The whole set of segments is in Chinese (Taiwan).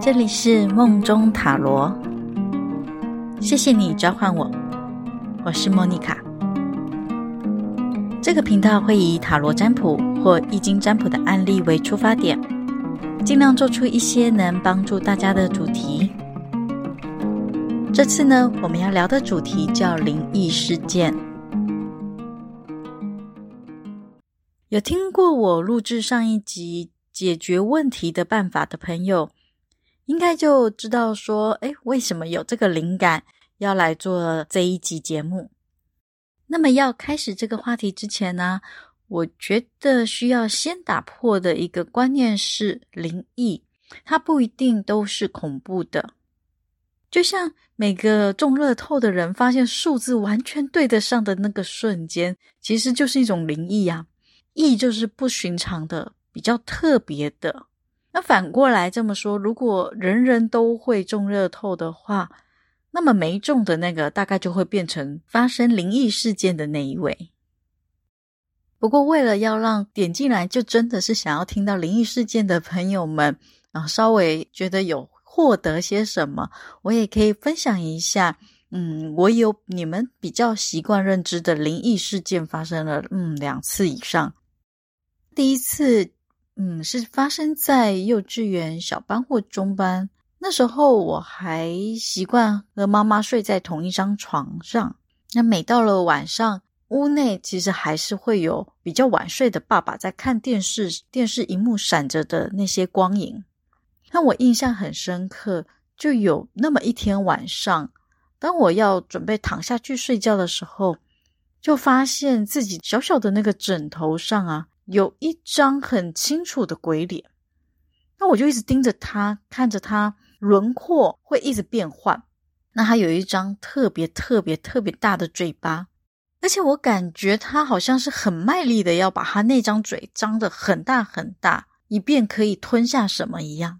這裡是夢中塔羅，謝謝你召喚我，我是莫妮卡。這個頻道會以塔羅占卜或易經占卜的案例為出發點，儘量做出一些能幫助大家的主題。這次呢，我們要聊的主題叫靈異事件。有聽過我錄制上一集解決問題的辦法的朋友，應該就知道說，哎，為什麼有這個靈感要來做這一集節目？那麼要開始這個話題之前呢，啊，我覺得需要先打破的一個觀念是靈異，它不一定都是恐怖的。就像每個中樂透的人發現數字完全對得上的那個瞬間，其實就是一種靈異啊，異就是不尋常的，比較特別的。那反過來這麼說，如果人人都會中樂透的話，那麼沒中的那個大概就會變成發生靈異事件的那一位。不過，為了要讓點進來就真的是想要聽到靈異事件的朋友們，啊，稍微覺得有獲得些什麼，我也可以分享一下。嗯，我有你們比較習慣認知的靈異事件發生了，嗯，兩次以上。第一次。嗯，是發生在幼稚園小班或中班那時候，我還習慣和媽媽睡在同一張床上。那每到了晚上，屋內其實還是會有比較晚睡的爸爸在看電視，電視熒幕閃着的那些光影，讓我印象很深刻。就有那麼一天晚上，當我要準備躺下去睡覺的時候，就發現自己小小的那個枕頭上啊。有一張很清楚的鬼臉，那我就一直盯着他，看着他輪廓會一直變換。那他有一張特別特別特別大的嘴巴，而且我感覺他好像是很賣力的，要把他那張嘴張得很大很大，以便可以吞下什麼一樣。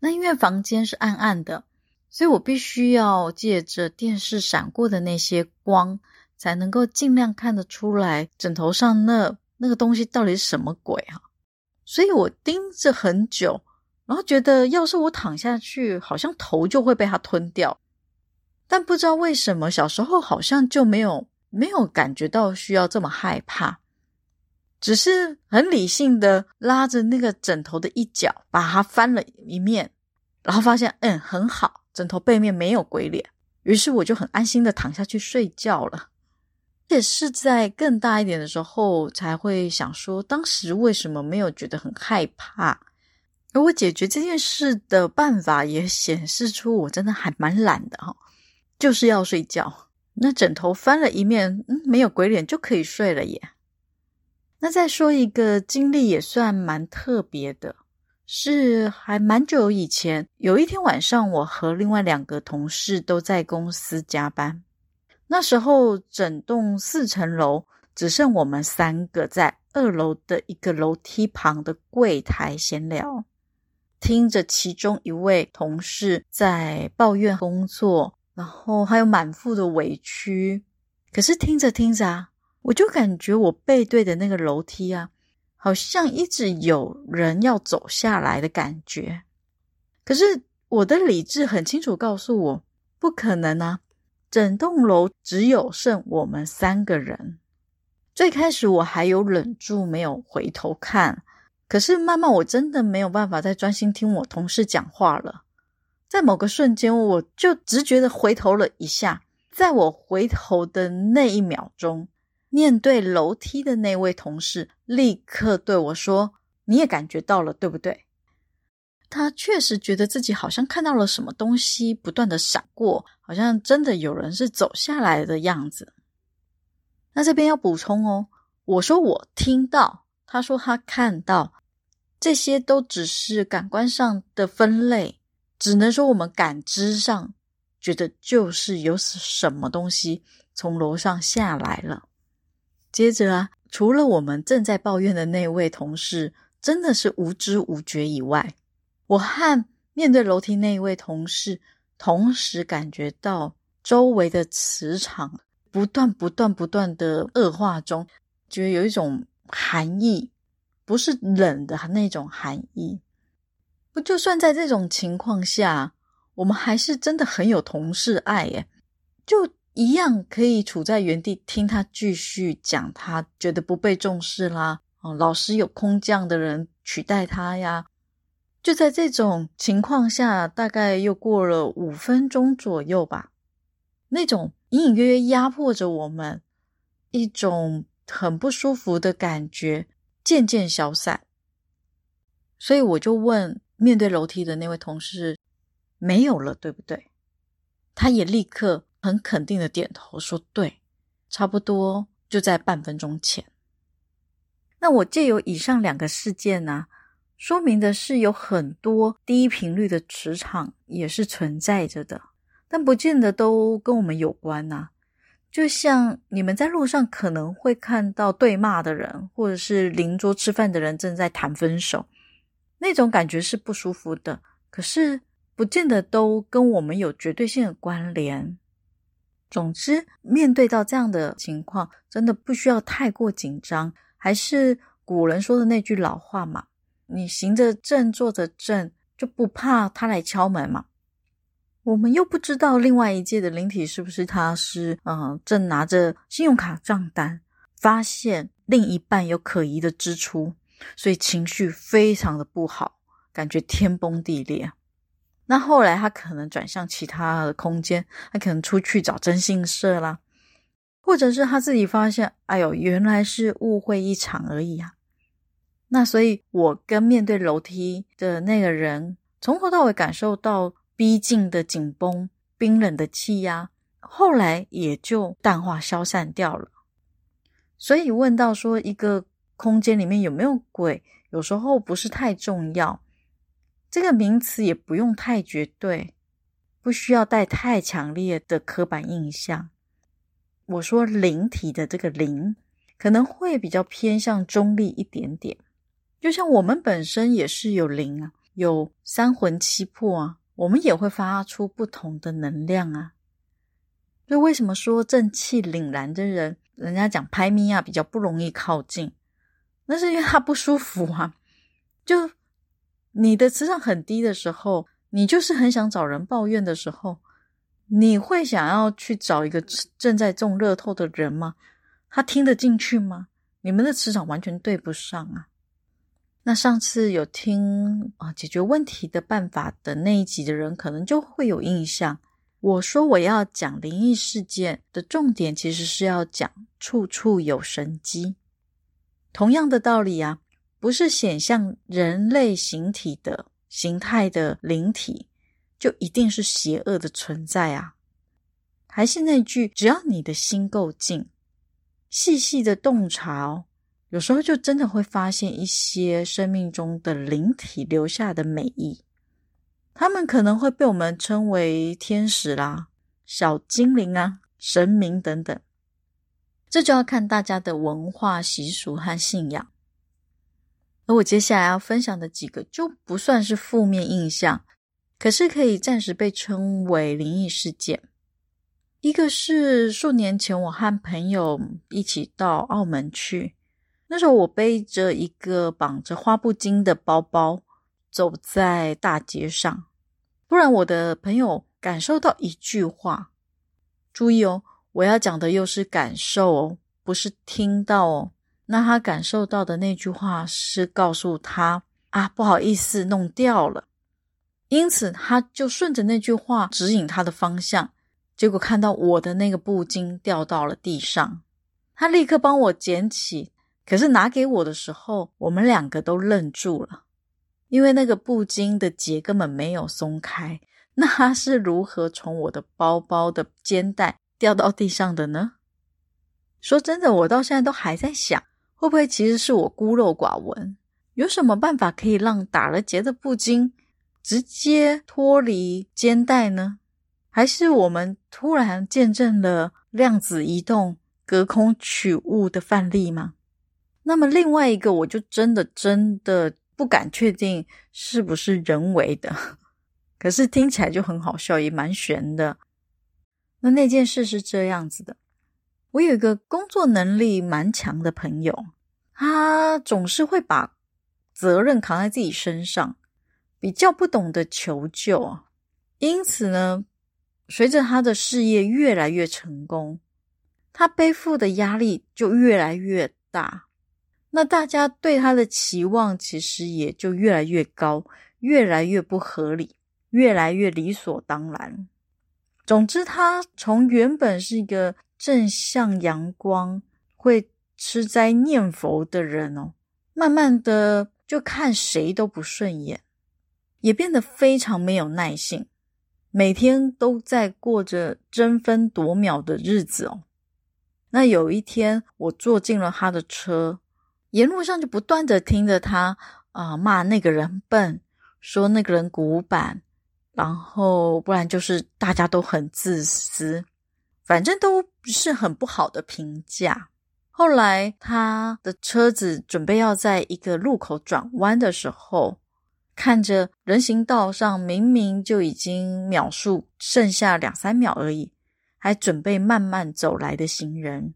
那因為房間是暗暗的，所以我必須要借着電視閃過的那些光，才能夠盡量看得出來枕頭上那，那個東西到底是什麼鬼啊？所以我盯着很久，然後覺得要是我躺下去，好像頭就會被它吞掉。但不知道為什麼，小時候好像就沒有沒有感覺到需要這麼害怕，只是很理性的拉着那個枕頭的一角，把它翻了一面，然後發現嗯，很好，枕頭背面沒有鬼臉。於是我就很安心的躺下去睡覺了。也是在更大一點的時候才會想說，當時為什麼沒有覺得很害怕？而我解決這件事的辦法也顯示出我真的還蠻懶的哈，就是要睡覺。那枕頭翻了一面，嗯，沒有鬼臉就可以睡了耶。那再說一個經歷也算蠻特別的，是還蠻久以前，有一天晚上，我和另外兩個同事都在公司加班。那時候，整棟四層樓只剩我們三個在二樓的一個樓梯旁的櫃檯閒聊，聽着其中一位同事在抱怨工作，然後還有滿腹的委屈。可是聽着聽着啊，我就感覺我背對的那個樓梯啊，好像一直有人要走下來的感覺。可是我的理智很清楚告訴我，不可能啊。整棟樓只有剩我們三個人。最開始我還有忍住沒有回頭看，可是慢慢我真的沒有辦法再專心聽我同事講話了。在某個瞬間，我就直覺地回頭了一下，在我回頭的那一秒鐘，面對樓梯的那位同事立刻對我說：“你也感覺到了，對不對？”他確實覺得自己好像看到了什麼東西不斷的閃過，好像真的有人是走下來的樣子。那這邊要補充哦，我說我聽到，他說他看到，這些都只是感官上的分類，只能說我們感知上覺得就是有什麼東西從樓上下來了。接着啊，除了我們正在抱怨的那位同事，真的是無知無覺以外。我和面對樓梯那一位同事，同時感覺到周圍的磁場不斷、不斷、不斷的惡化中，覺得有一種寒意，不是冷的那種寒意。不，就算在這種情況下，我們還是真的很有同事愛耶，就一樣可以處在原地聽他繼續講他，他覺得不被重視啦，哦，老是有空降的人取代他呀。就在這種情況下，大概又過了五分鐘左右吧，那種隱隱約約壓，壓迫着我們、一種很不舒服的感覺漸漸消散。所以我就問面對樓梯的那位同事：“沒有了，對不對？”他也立刻很肯定的點頭說：“對，差不多就在半分鐘前。”那我借由以上兩個事件呢、啊？說明的是，有很多低頻率的磁場也是存在着的，但不見得都跟我們有關吶、啊。就像你們在路上可能會看到對罵的人，或者是鄰桌吃飯的人正在談分手，那種感覺是不舒服的。可是不見得都跟我們有絕對性的關聯。總之，面對到這樣的情況，真的不需要太過緊張。還是古人說的那句老話嘛。你行得正，坐得正，就不怕他來敲門嘛。我們又不知道另外一界的靈體是不是他是，嗯，正拿着信用卡賬單，發現另一半有可疑的支出，所以情緒非常的不好，感覺天崩地裂。那後來他可能轉向其他的空間，他可能出去找徵信社啦，或者是他自己發現，哎喲，原來是誤會一場而已啊。那所以，我跟面對樓梯的那個人，從頭到尾感受到逼近的緊繃、冰冷的氣壓，後來也就淡化消散掉了。所以問到說，一個空間裡面有沒有鬼，有時候不是太重要，這個名詞也不用太絕對，不需要帶太強烈的刻板印象。我說靈體的這個“靈”，可能會比較偏向中立一點點。就像我們本身也是有靈啊，有三魂七魄啊，我們也會發出不同的能量啊。所以為什麼說正氣凜然的人，人家講拍咪啊，比較不容易靠近？那是因為他不舒服啊。就你的磁場很低的時候，你就是很想找人抱怨的時候，你會想要去找一個正在中樂透的人嗎？他聽得進去嗎？你們的磁場完全對不上啊。那上次有聽啊解決問題的辦法的那一集的人，可能就會有印象。我說我要講靈異事件的重點，其實是要講處處有神機。同樣的道理啊，不是顯像人類形體的形態的靈體，就一定是邪惡的存在啊。還是那句，只要你的心夠靜，細細的洞察。有時候就真的會發現一些生命中的靈體留下的美意。他們可能會被我們稱為天使啦、啊、小精靈啊、神明等等，這就要看大家的文化習俗和信仰。而我接下來要分享的幾個就不算是負面印象，可是可以暫時被稱為靈異事件。一個是數年前我和朋友一起到澳門去。那時候我背着一個綁着花布巾的包包走在大街上，突然我的朋友感受到一句話，注意哦，我要講的又是感受哦，不是聽到哦。那他感受到的那句話是告訴他啊，不好意思弄掉了。因此他就順着那句話指引他的方向，結果看到我的那個布巾掉到了地上，他立刻幫我撿起。可是拿給我的時候，我們兩個都愣住了，因為那個布巾的結根本沒有鬆開。那他是如何從我的包包的肩帶掉到地上的呢？說真的，我到現在都還在想，會不會其實是我孤陋寡聞？有什麼辦法可以讓打了結的布巾直接脫離肩帶呢？還是我們突然見證了量子移動、隔空取物的範例嗎？那麼另外一個，我就真的真的不敢確定是不是人為的，可是聽起來就很好笑，也蠻懸的。那那件事是這樣子的，我有一個工作能力蠻強的朋友，他總是會把責任扛在自己身上，比較不懂得求救啊。因此呢，隨着他的事業越來越成功，他背負的壓力就越來越大。那大家對他的期望其實也就越來越高，越來越不合理，越來越理所當然。總之，他從原本是一個正向陽光、會吃齋念佛的人哦，慢慢的就看誰都不順眼，也變得非常沒有耐性，每天都在過着爭分奪秒的日子哦。那有一天，我坐進了他的車。沿路上就不斷地聽着他啊，呃，罵那個人笨，說那個人古板，然後不然就是大家都很自私，反正都是很不好的評價。後來他的車子準備要在一個路口轉彎的時候，看着人行道上明明就已經秒數剩下兩三秒而已，還準備慢慢走來的行人，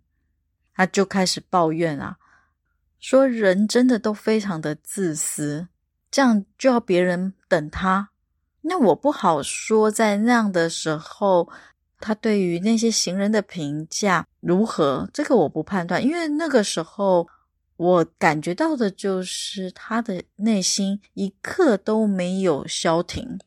他就開始抱怨啊。說人真的都非常的自私，這樣就要別人等他，那我不好說，在那樣的時候，他對於那些行人的評價如何，這個我不判斷，因為那個時候我感覺到的就是他的內心一刻都沒有消停，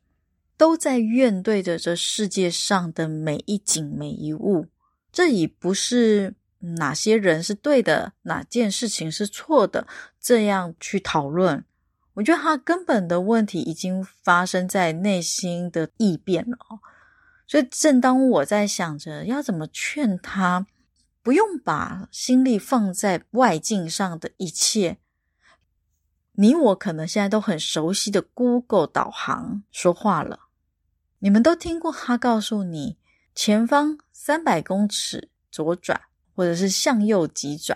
都在怨懟着這世界上的每一景每一物，這已不是。哪些人是對的，哪件事情是錯的？這樣去討論，我覺得他根本的問題已經發生在內心的異變了。所以，正當我在想着要怎麼勸他，不用把心力放在外境上的一切，你我可能現在都很熟悉的 Google 導航說話了。你們都聽過他告訴你，前方三百公尺左轉。或者是向右急轉，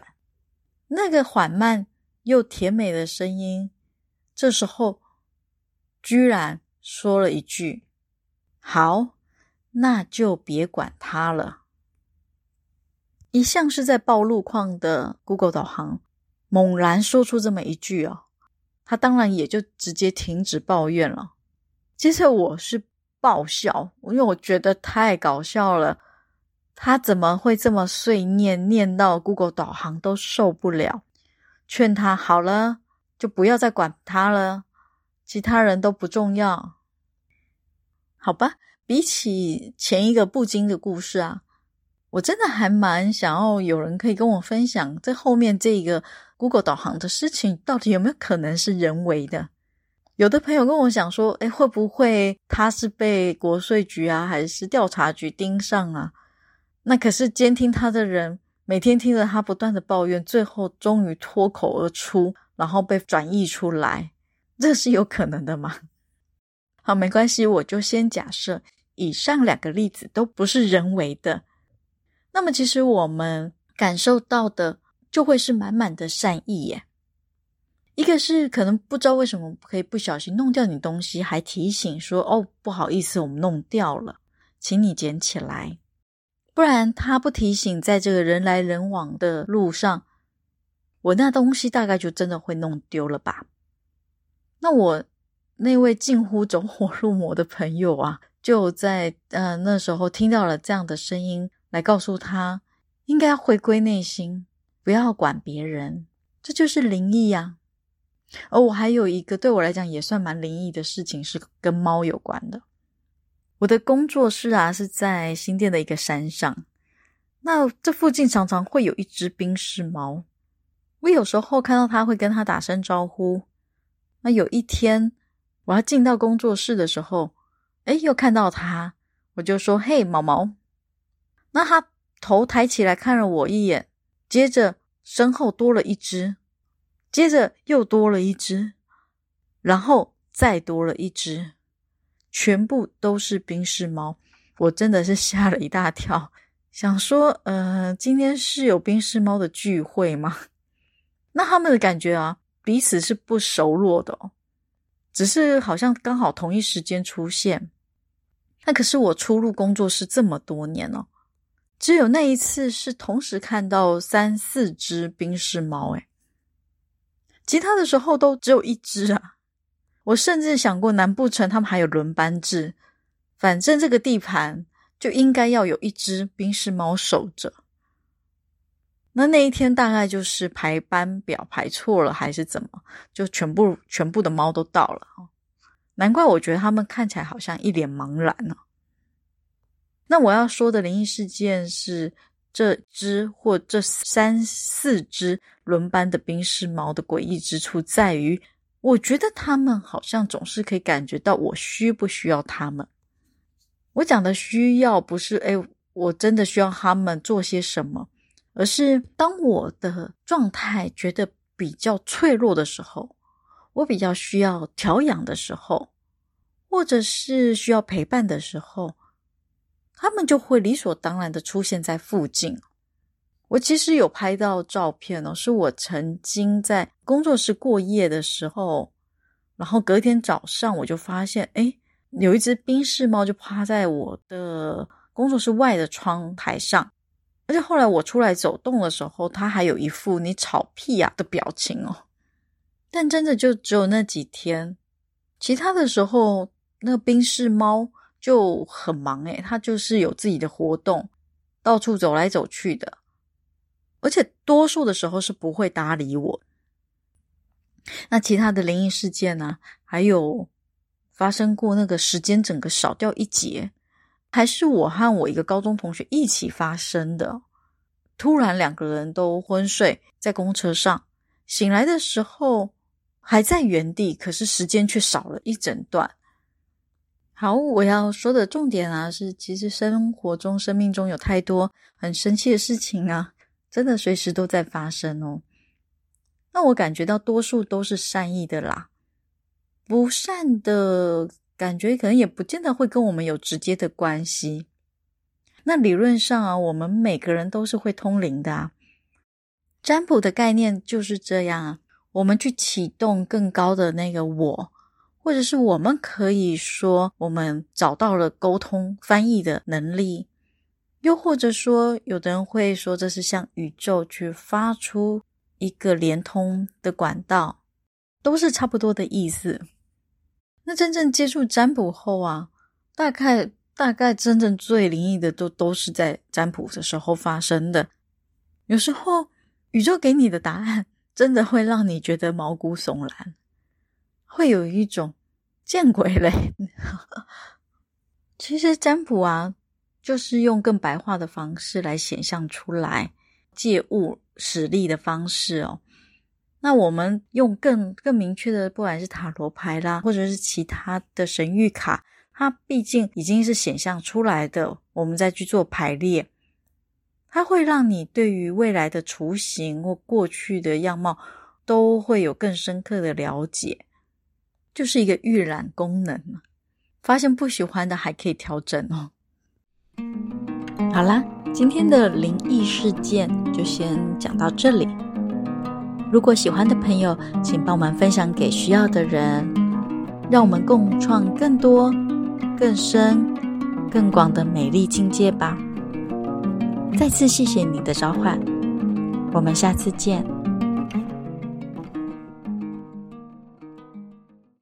那個緩慢又甜美的聲音，這時候居然說了一句：“好，那就別管他了。”一向是在報路況的 Google 導航猛然說出這麼一句哦，他當然也就直接停止抱怨了。接着我是爆笑，因為我覺得太搞笑了。他怎麼會這麼碎念？念到 Google 導航都受不了，勸他好了，就不要再管他了，其他人都不重要，好吧？比起前一個不經的故事啊，我真的還蠻想要有人可以跟我分享，在後面這個 Google 導航的事情，到底有沒有可能是人為的？有的朋友跟我想說、哎，誒會不會他是被國稅局啊，還是調查局盯上啊？那可是監聽他的人，每天聽着他不斷的抱怨，最後終於脫口而出，然後被轉譯出來，這是有可能的嗎？好，沒關係，我就先假設以上兩個例子都不是人為的。那麼，其實我們感受到的就會是滿滿的善意耶。一個是可能不知道為什麼可以不小心弄掉你東西，還提醒說：“哦，不好意思，我們弄掉了，請你撿起來。”不然他不提醒，在這個人來人往的路上，我那東西大概就真的會弄丟了吧？那我那位近乎走火入魔的朋友啊，就在呃那時候聽到了這樣的聲音，來告訴他應該回歸內心，不要管別人，這就是靈異啊。而我還有一個對我來講也算蠻靈異的事情，是跟貓有關的。我的工作室啊是在新店的一個山上，那這附近常常會有一隻賓士貓，我有時候看到它會跟它打聲招呼。那有一天我要進到工作室的時候，哎，又看到它，我就說：“嘿，毛毛。”那它頭抬起來看了我一眼，接着身後多了一隻，接着又多了一隻，然後再多了一隻。全部都是賓士貓，我真的是嚇了一大跳，想說，呃，今天是有賓士貓的聚會嗎？那他們的感覺啊，彼此是不熟絡的哦，只是好像剛好同一時間出現。那可是我出入工作室這麼多年哦，只有那一次是同時看到三四只賓士貓，哎、誒，其他的時候都只有一只啊。我甚至想過，難不成他們還有輪班制？反正這個地盤就應該要有一隻賓士貓守着。那那一天大概就是排班表排錯了，還是怎麼？就全部全部的貓都到了。難怪我覺得他們看起來好像一臉茫然呢、啊。那我要說的靈異事件是這隻或這三四隻輪班的賓士貓的詭異之處在於。我覺得他們好像總是可以感覺到我需不需要他們。我講的需要不是誒，哎，我真的需要他們做些什麼，而是當我的狀態覺得比較脆弱的時候，我比較需要調養的時候，或者是需要陪伴的時候，他們就會理所當然的出現在附近。我其實有拍到照片哦，是我曾經在工作室過夜的時候，然後隔天早上我就發現，誒，有一隻賓士貓就趴在我的工作室外的窗台上，而且後來我出來走動的時候，它還有一副“你吵屁呀”的表情哦。但真的就只有那幾天，其他的時候，那個賓士貓就很忙誒，它就是有自己的活動，到處走來走去的。而且多數的時候是不會搭理我。那其他的靈異事件呢、啊？還有發生過那個時間整個少掉一節，還是我和我一個高中同學一起發生的。突然兩個人都昏睡在公車上，醒來的時候還在原地，可是時間卻少了一整段。好，我要說的重點啊，是其實生活中、生命中有太多很神奇的事情啊。真的隨時都在發生哦，那我感覺到多數都是善意的啦，不善的感覺可能也不見得會跟我們有直接的關係。那理論上啊，我們每個人都是會通靈的啊，占卜的概念就是這樣啊，我們去啟動更高的那個我，或者是我們可以說我們找到了溝通翻譯的能力。又或者說，有的人會說，這是向宇宙去發出一個連通的管道，都是差不多的意思。那真正接觸占卜後啊，大概大概真正最靈異的都都是在占卜的時候發生的。有時候宇宙給你的答案，真的會讓你覺得毛骨悚然，會有一種見鬼嘞。 其實占卜啊。就是用更白話的方式來顯象出來，借物使力的方式哦。那我們用更更明確的，不管是塔羅牌啦，或者是其他的神諭卡，它畢竟已經是顯象出來的，我們再去做排列，它會讓你對於未來的雛形或過去的樣貌都會有更深刻的了解，就是一個預覽功能，發現不喜歡的還可以調整哦。好啦，今天的靈異事件就先講到這裡。如果喜歡的朋友，請幫忙分享給需要的人，讓我們共創更多、更深、更廣的美麗境界吧。再次謝謝你的召喚，我們下次見。